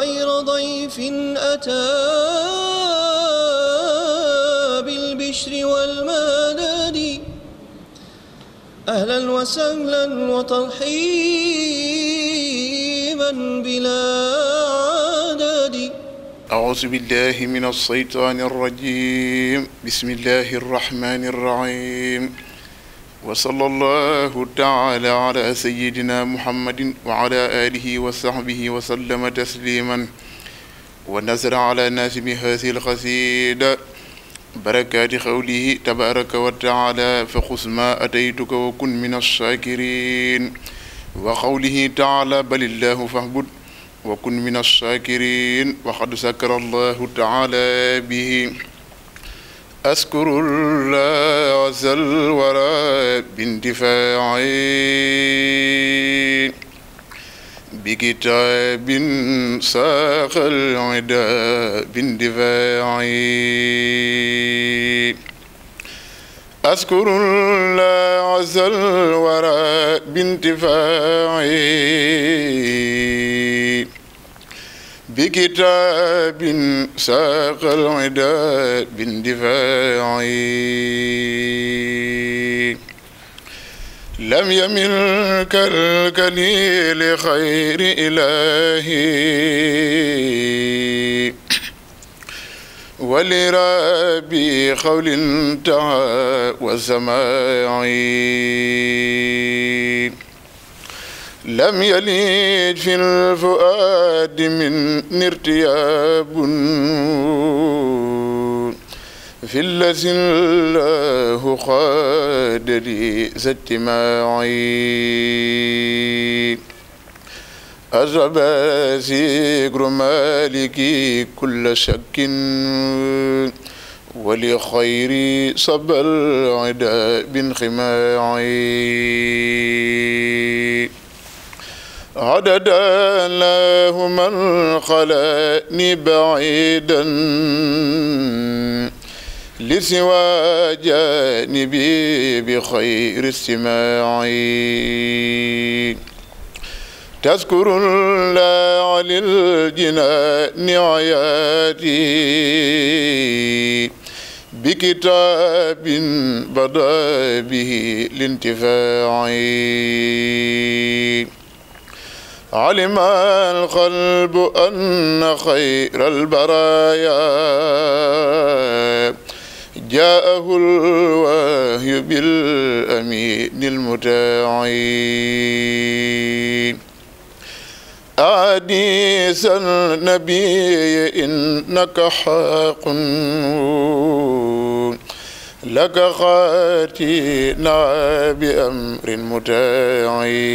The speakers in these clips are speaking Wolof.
خير ضيف أتى بالبشر والمدد أهلا وسهلا وترحيبا بلا عدد أعوذ بالله من الشيطان الرجيم بسم الله الرحمن الرحيم wa sallallahu taala ala sayidina muhammadin wa ala alihi wa sahbihi wa sallama tasliman wa nasara ala nasimi hasil xasida barakaati xawlihi tabaraka wa taala fa xus ma ataytuka wa kun min alshakirin wa xawlihi taala balillahu fahbud wa kun min alshakirin wa qad sakara allahu taala bihi أشكر الله عز الورى باندفاعي بكتاب ساق العدا باندفاعي أشكر الله عز الورى باندفاعي بكتاب ساق العدا باندفاع لم يمل كالكليل خير إلهي ولربي قول تعا وسماعي lam yalid fi lfuaadi min nirtiyaabun fi lasin lahu xaadali sattimaai azaba zikru maliki kulla shakkin wali xayri sabal ida bin ximaai عدد له من خلاني بعيدا لسوى جانبي بخير استماعي تذكر لا للجنان عياتي بكتاب بدا به لانتفاعي علم القلب أن خير البرايا جاءه الوهي بالأمين المتاعي أديس النبي إنك حق لك خاتينا بأمر متاعي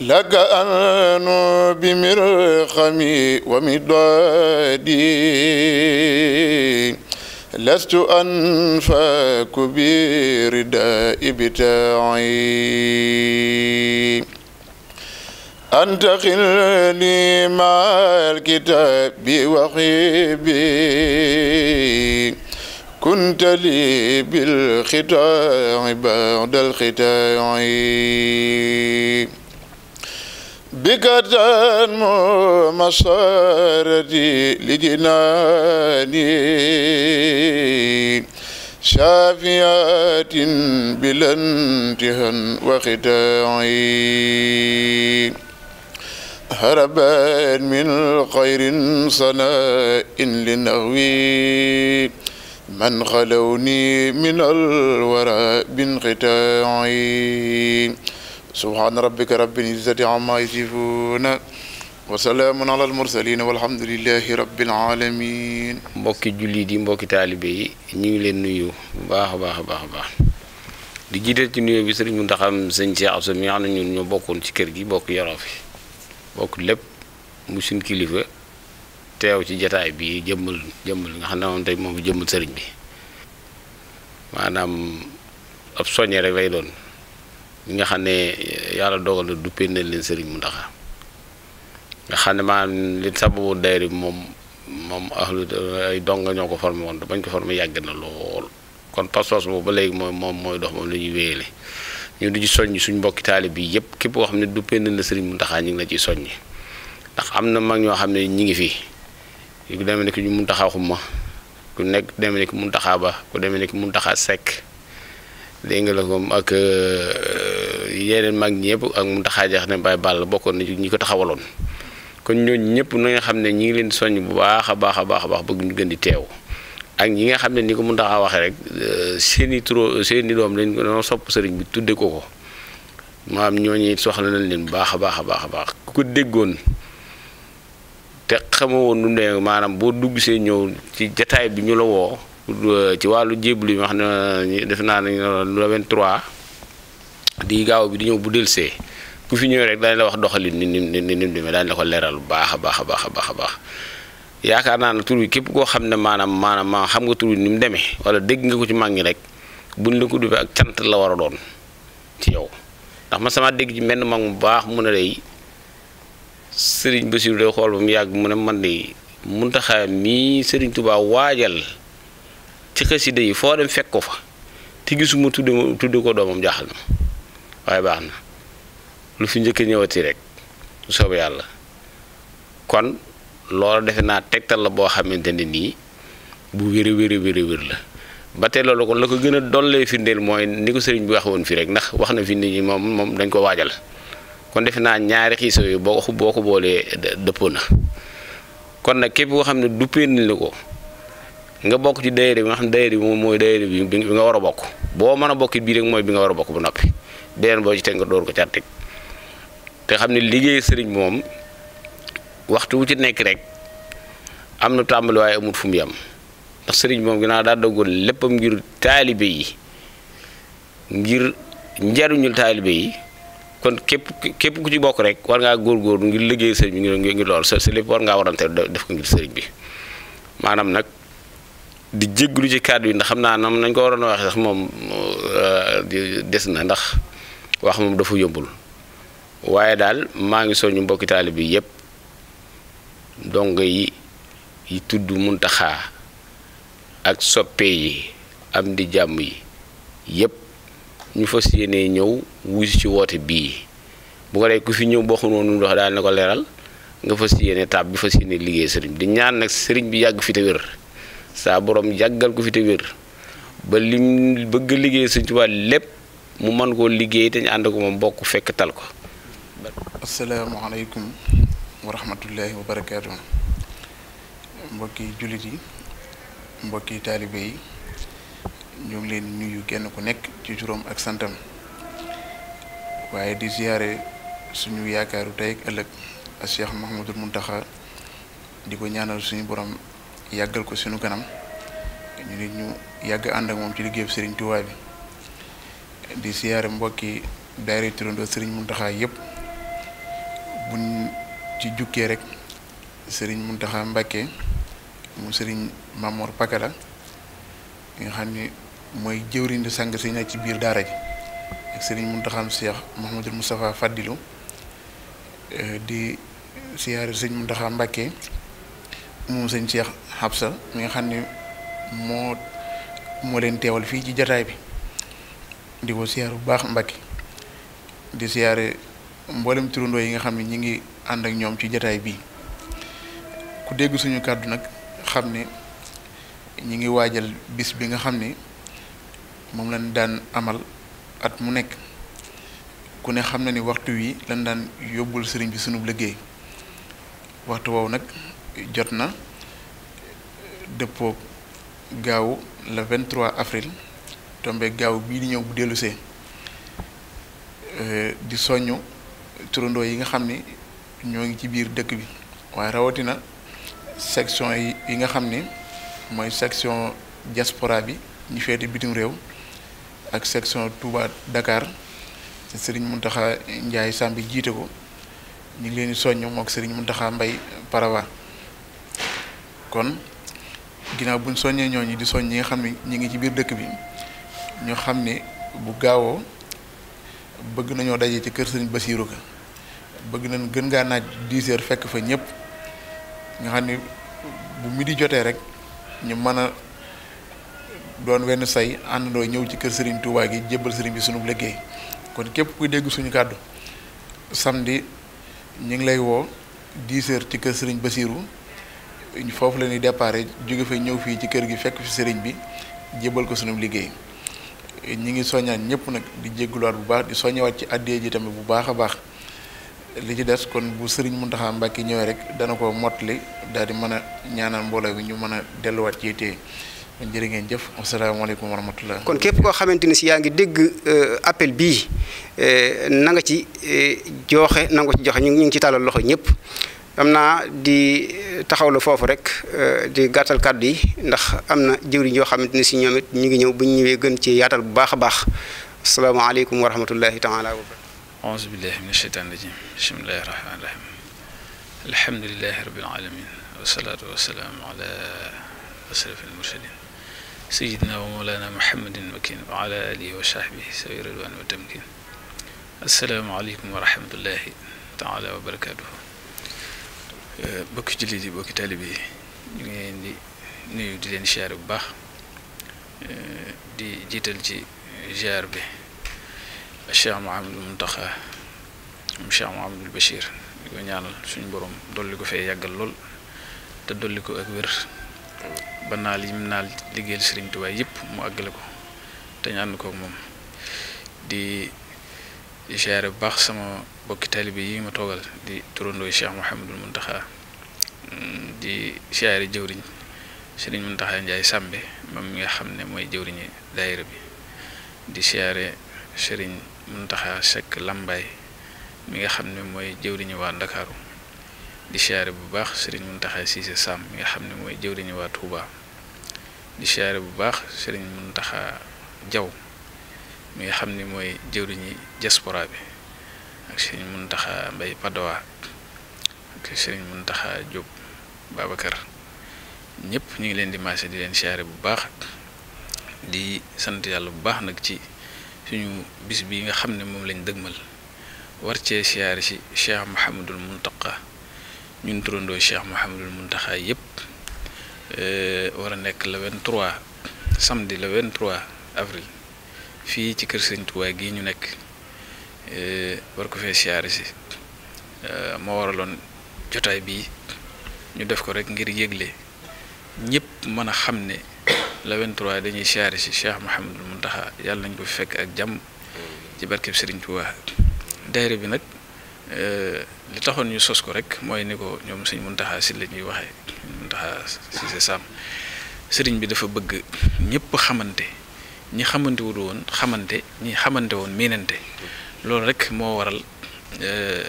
لك أن بمرخمي ومدادي لست أنفاك برداء بتاعي anta xil li maal kitaabi wa xiibi kunta li bil xitaabi ba'dal xitaabi bika tanmu masarati li jinaani shaafiyatin bilantihan wa xitaabi هربان من خير صناء لنهوي من خلوني من الورى بانقطاعي سبحان ربك رب العزة عما يصفون wasalaamun ala almursalin walhamdulilahi rabbil alamin mbokki jullit yi mbokki taalibe yi ñu ngi leen nuyu bu baax a baax a baax a baax di jiital ci nuyoo bi sëriñ Muntaxa sëñ Cheikh Absa mi nga xam ne ñun ñu bokkoon ci kër gi bokk yoroo fi bokk lépp mu suñ kilifa teew ci jataay bi jëmmal jëmmal nga xam ne moom te moom jëmmal sëriñ bi maanaam ab soññe rek lay doon ñi nga xam ne yàlla dogal na duppee nañ leen sëriñ Mountakha nga xam ne maanaam li sababu daayira bi moom moom ahlu ay donga ñoo ko formé woon bañ ko formé yàgg na lool kon pas-pas boobu ba léegi moom mooy dox moom la ñuy ñu di ci soññ suñ mbokki taalib bi yëpp képp koo xam ne du penn na sëriñ Muntaxa ñu ngi la ciy soññi ndax am na mag ñoo xam ne ñi ngi fi ku demee ne ki ñu Muntaxa xuma ku nekk demee ne ki Muntaxa ba ku demee ne ki Muntaxa Sekk dégg nga la ko ak euh, yeneen mag ñëpp ak Muntaxa jax ne Baay Bàll bokkoon na ñi ko taxawaloon kon ñooñu ñëpp na nga xam ne ñi ngi leen soññ bu baax a baax a baax a baax bëgg ñu gën di teew ak ñi nga xam ne ni ko mun taxaa waxee rek euh, seen i turo seen i doom dañ ko dañoo sopp sëriñ bi tudde ko ko maam ñi soxla nañ leen bu baax a baax a baax a baax ku ko déggoon te xamoo woon ne maanaam boo dugg see ñëw ci jataay bi ñu la woo ci wàllu jéblu yi wax ne def naa ne le 23 di gaaw bi di ñëw bu delsee ku fi ñëw rek daañu la wax doxalin ni ni ni ni mu demee daañu la ko leeral bu baax a baax baax a baax a baax. yaakaar naa ne tur képp koo xam ne maanaam maanaam maa xam nga tur ni mu demee wala dégg nga ko ci màngi rek buñ la ko duppee ak cant la war a doon ci yow ndax ma sama dégg ci menn mag mu baax mu ne day sëriñ bu day xool ba mu yàgg mu ne man de Muntaxa mii sëriñ Tuubaa waajal ci xasida yi foo dem fekk ko fa te gisuma tudde tudde ko doomam jaaxal na waaye baax na lu fi njëkk ñëwati rek lu soobee yàlla kon loola defe naa tegtal la boo xamante ne nii bu wér wér wér wér la ba tey loolu ko la ko gën a dollee firndeel mooy ni ko sëriñ bi wax woon fii rek ndax wax na fi nit ñi moom moom dañ ko waajal kon defe naa ñaari xiiso yi boo boo ko boolee dëppoo na kon nag képp koo xam ne duppee nañ la ko nga bokk ci daayira bi nga xam ne daayira moom mooy daayira bi nga war a bokk boo mën a bokkit bii rek mooy bi nga war a bokk bu noppi beneen boo ci teg nga door ko ca teg te xam ne liggéey sëriñ moom waxtu wu ci nekk rek am na tàmbali waaye amut fu mu yem ndax sëriñ moom naa daa doggoon léppam ngir taalibe yi ngir njariñul taalibe yi kon képp képp ku ci bokk rek war ngaa góor ngir liggéey sëriñ bi ngir ngir lool sa sa lépp war ngaa warante def ko ngir sëriñ bi maanaam nag di jégglu ci kàddu yi ndax xam naa nam nañ ko waroon a waxee moom euh, des na ndax wax moom dafa yombul waaye daal maa ngi soññu mbokki taalibe yi yépp dongo yi yi tudd muntaxaa ak soppe yi am di jàmm yi yépp ñu fas yéenee ñëw wuyu ci woote bii bu ko dee ku fi ñëw boo xam noonu ndox daal na ko leeral nga fas yéene taab bi fas yéene liggéey sëriñ di ñaan nag sëriñ bi yàgg fi te wér saa borom yàggal ko fi te wér ba lim bëgg liggéey sëriñ Tuubaa lépp mu mën koo liggéey te ñu ànd ko moom bokk fekk tal ko. wa rahmatullahi wa barakaatu mbokki jullit yi mbokki taalibe yi ñu ngi leen nuyu kenn ku nekk ci juróom ak santam waaye di ziyaare suñu yaakaaru tey ak ëllëg ak Cheikh Mouhamadul Mountakha di ko ñaanal suñu boroom yàggal ko suñu kanam ñu nit ñu yàgg ànd moom ci liggéey Serigne Touba bi di siyaare mbokki daayira turandoo Serigne Mountakha yëpp buñ ci jukkee rek sëriñ Muntaxa Mbàkke mu sëriñ Mamor Pakala nga xam ni mooy jëwriñ di sang si ci biir daara ji ak sëriñ Muntaxa Seex Muhammadul Moustapha Fadilu eh, di siyaare sëñ Muntaxa Mbàkke moom sëñ Seex Xabsa mi nga xam ni moo moo leen teewal fii ci jataay bi di ko siyaar bu baax Mbàkke di siyaare mboolem turandoo yi nga xam ne ñu ngi ànd ak ñoom ci jataay bii ku dégg suñu kàddu nag xam ni ñi ngi waajal bis bi nga xam ni moom lañ daan amal at mu nekk ku ne xam na ni waxtu wi lañ daan yóbbul sëriñ bi suñu liggéey waxtu woowu nag jot na dëppoo gaaw le 23 avril tombe gaaw bii di ñëw bu dellusee euh, di soññu turandoo yi nga xam ni ñoo ngi ci biir dëkk bi waaye rawatina section yi yi nga xam ni mooy section diaspora bi ñu feete bitim réew ak section Touba Dakar Serigne Mountakha njaay Sambi jiite ko ñu ngi leen di soññ moog Serigne Mountakha Mbaye Parawa kon ginnaaw buñ soññee ñooñu di soññ ñi nga xam ne ñi ngi ci biir dëkk bi ñoo xam ne bu gaawoo bëgg nañoo daje ci kër Serigne Bassirou Ka bëgg nañ gën ngaa naaj dix heures fekk fa ñëpp nga xam ni bu di jotee rek ñu mën a doon wenn say àndandoo ñëw ci kër sëriñ Touba gi jébbal Serigne bi sunu liggéey kon képp kuy dégg suñu kàddu samedi ñu ngi lay woo dix heures ci kër Serigne Bassirou foofu la ñuy déparé jóge fa ñëw fii ci kër gi fekk fi Serigne bi jébbal ko sunu liggéey ñu ngi soññaan ñëpp nag di jéggulaat bu baax di soññewaat ci àddee ji tamit bu baax a baax. li ci des kon bu sëriñ Mountakha Mbacké ñëwee rek dana ko mottali daal di mën a ñaanal mbooloo bi ñu mën a delluwaat ci téye kon jërë ngeen jëf asalaamaaleykum wa rahmatullah kon képp koo xamante ni si yaa ngi dégg euh, appel bii euh, na nga ci euh, joxe na nga ci joxe ñu ngi ci tàllal loxo ñëpp am naa di taxawlu foofu rek di gàttal kàddu yi ndax am na jëwriñ yoo xamante ni si ñoom ñu ngi ñëw bu ñu ñëwee gën ci yaatal bu baax a baax asalaamaaleykum wa rahmatullahi taala wa أعوذ بالله من الشيطان الرجيم بسم الله الرحمن الرحيم الحمد لله رب العالمين والصلاة والسلام على أشرف المرسلين سيدنا ومولانا محمد المكين وعلى آله وصحبه سوي رضوان وتمكين السلام عليكم ورحمة الله تعالى وبركاته bokki jullit yi bokki taalibe yi ñu ngi leen di nuyu di leen ziar bu baax di jiital ci ziar bi Cheikh Mouhamadou Mountakha moom Cheikh Mouhamadou Bachir di ko ñaanal suñu borom dolli ko fee yàggal lool te dolli ko ak wér ba naal yim naal liggéeyal Serigne Touba yëpp mu àggale ko te ñu ànd ko moom di ziyaare bu baax sama bokki taalibe yi ma toogal di turandooy Cheikh Mouhamadou Mountakha di ziyaare jëwriñ Serigne Mountakha Ndiaye Sàmbe moom mi nga xam ne mooy jëwriñi daayira bi di ziyaare sëriñ Muntaxa Sekk Lambaay mi nga xam ne mooy jëwriñu waa Ndakaaru di siyaare bu baax sëriñ Muntaxa Siise Sàmm mi nga xam ne mooy jëwriñu waa Tuuba di siyaare bu baax sëriñ Muntaxa Jaw mi nga xam ni mooy jëwriñu diaspora bi ak mun taxa Mbay Padowa ak mun Muntaxa Jóob Babacar ñëpp ñu ngi leen di maase di leen siyaare bu baax di sant yàlla bu baax nag ci suñu bis bi nga xam ne moom lañ dëgmal war cee siyaare si cheikh Mouhamadul Mountakha ñun turandoo cheikh Mouhamadul Mountakha yëpp euh, war a nekk le 23 samedi le 23 avril fii ci kër Sëñ Tuubaa gii ñu nekk euh, war ko fee siyaare si euh, moo waraloon jotaay bii ñu def ko rek ngir yégle ñëpp mën a xam ne. le 23 dañuy siyaare si Cheikh mun taxa yàlla nañ ko fi fekk ak jàmm ci barkeb Serigne Touba daayira bi nag eh, li taxoon ñu sos ko rek mooy ni ko ñoom mun Mountakha si la ñuy waxee Mountakha si sa sàmm sëriñ bi dafa bëgg ñëpp xamante ñi xamante wul woon xamante ñi xamante woon miinante loolu rek moo waral eh, eh,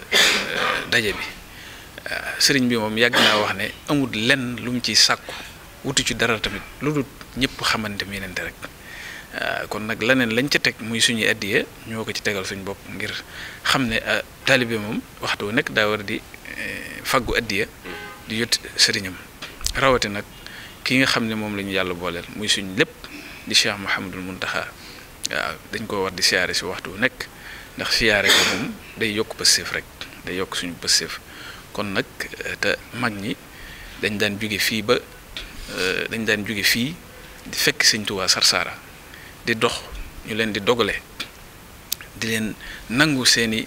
daje bi sëriñ bi moom yàgg naa wax ne amul lenn lu mu ciy sàkku. wutu ci dara tamit lu dul ñëpp xamante yeneen rek ah, kon nag leneen lañ ca teg muy suñuy addiya ñoo ko ci tegal suñu bopp ngir xam ne ah, taalibe moom waxtu wu nekk daa war di eh, faggu addiya di yot sëriñam rawati nag ki nga xam ne moom la ñu yàlla booleel muy suñ lépp di Cheikh Mouhamadul Mountakha waaw ah, dañ ko war di siyaare si waxtu wu nekk ndax siyaare ko moom day yokk pëstéef rek day yokk suñu pëstéef kon nag eh, te mag ñi dañ daan jóge fii ba Euh, dañ daan jóge fii di fekk sëñ Tuubaa Sarsara di dox ñu leen di dogale di leen nangu seeni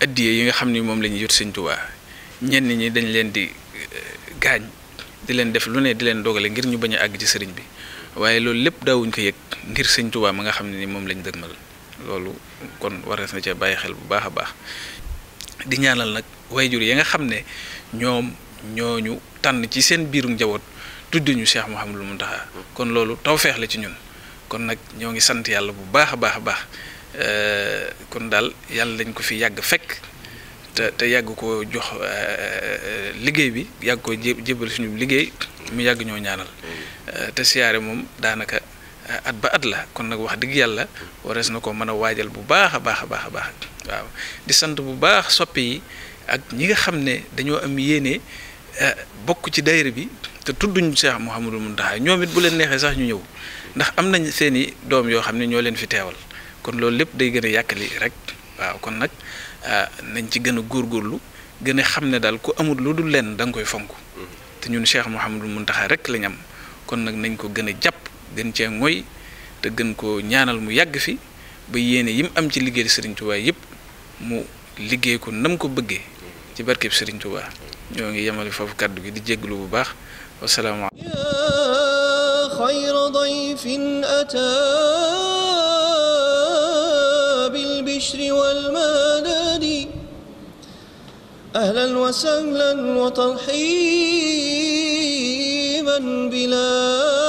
addiye yi nga xam ni moom la ñuy jot sëñ Tuubaa ñenn ñi dañ leen di euh, gaañ di leen def lu ne di leen dogale ngir ñu bañ àgg ci sëriñ bi waaye loolu lépp daawuñ ko yëg ngir sëñ Tuubaa ma nga xam ne ni moom lañ dëgmal loolu kon war na cee bàyyi xel bu baax a baax di ñaanal nag waajur yi nga xam ne ñoom ñooñu tànn ci seen biiru njaboot tudde ñu lu Mouhamadul Mountakha kon loolu taw tawfeex la ci ñun kon nag ñoo ngi sant yàlla bu baax a baax a baax euh, kon daal yàlla lañ ko fi yàgg fekk te te yàgg ko jox euh, euh, liggéey bi yàgg ko jébal suñu liggéey mu yàgg ñoo ñaanal te siyaare moom daanaka at ba at la kon nag wax dëgg yàlla warees na ko mën a waajal bu baax a baax a baax a baax waaw di sant bu baax soppi yi ak ñi nga xam ne dañoo am yéene. Eh, bokk ci daayira bi te tudduñ Cheikh Mouhamadou Mountakha ñoom it bu leen neexee sax ñu ñëw ndax am nañ seeni doom yoo xam ne ñoo leen fi teewal kon loolu lépp day gën a yàkkali rek waaw kon nag ah, nañ ci gën a góorgóorlu gën a xam ne daal ku amul lu dul lenn da nga koy fonk te ñun Cheikh Mouhamadou Mountakha rek lañ am kon nag nañ ko gën a jàpp gën cee mooy te gën ko ñaanal mu yàgg fi ba yéene yim am ci liggéey Serigne Touba yëpp mu liggéey ko nam ko bëggee ci barkeb Serigne Touba. ñoo ngi yemale foofu kàddu gi di jéglu bu baax wasalaama xayra dayfin ataa bil bishri wal madadi ahlan wa sahlan wa tarhiban bila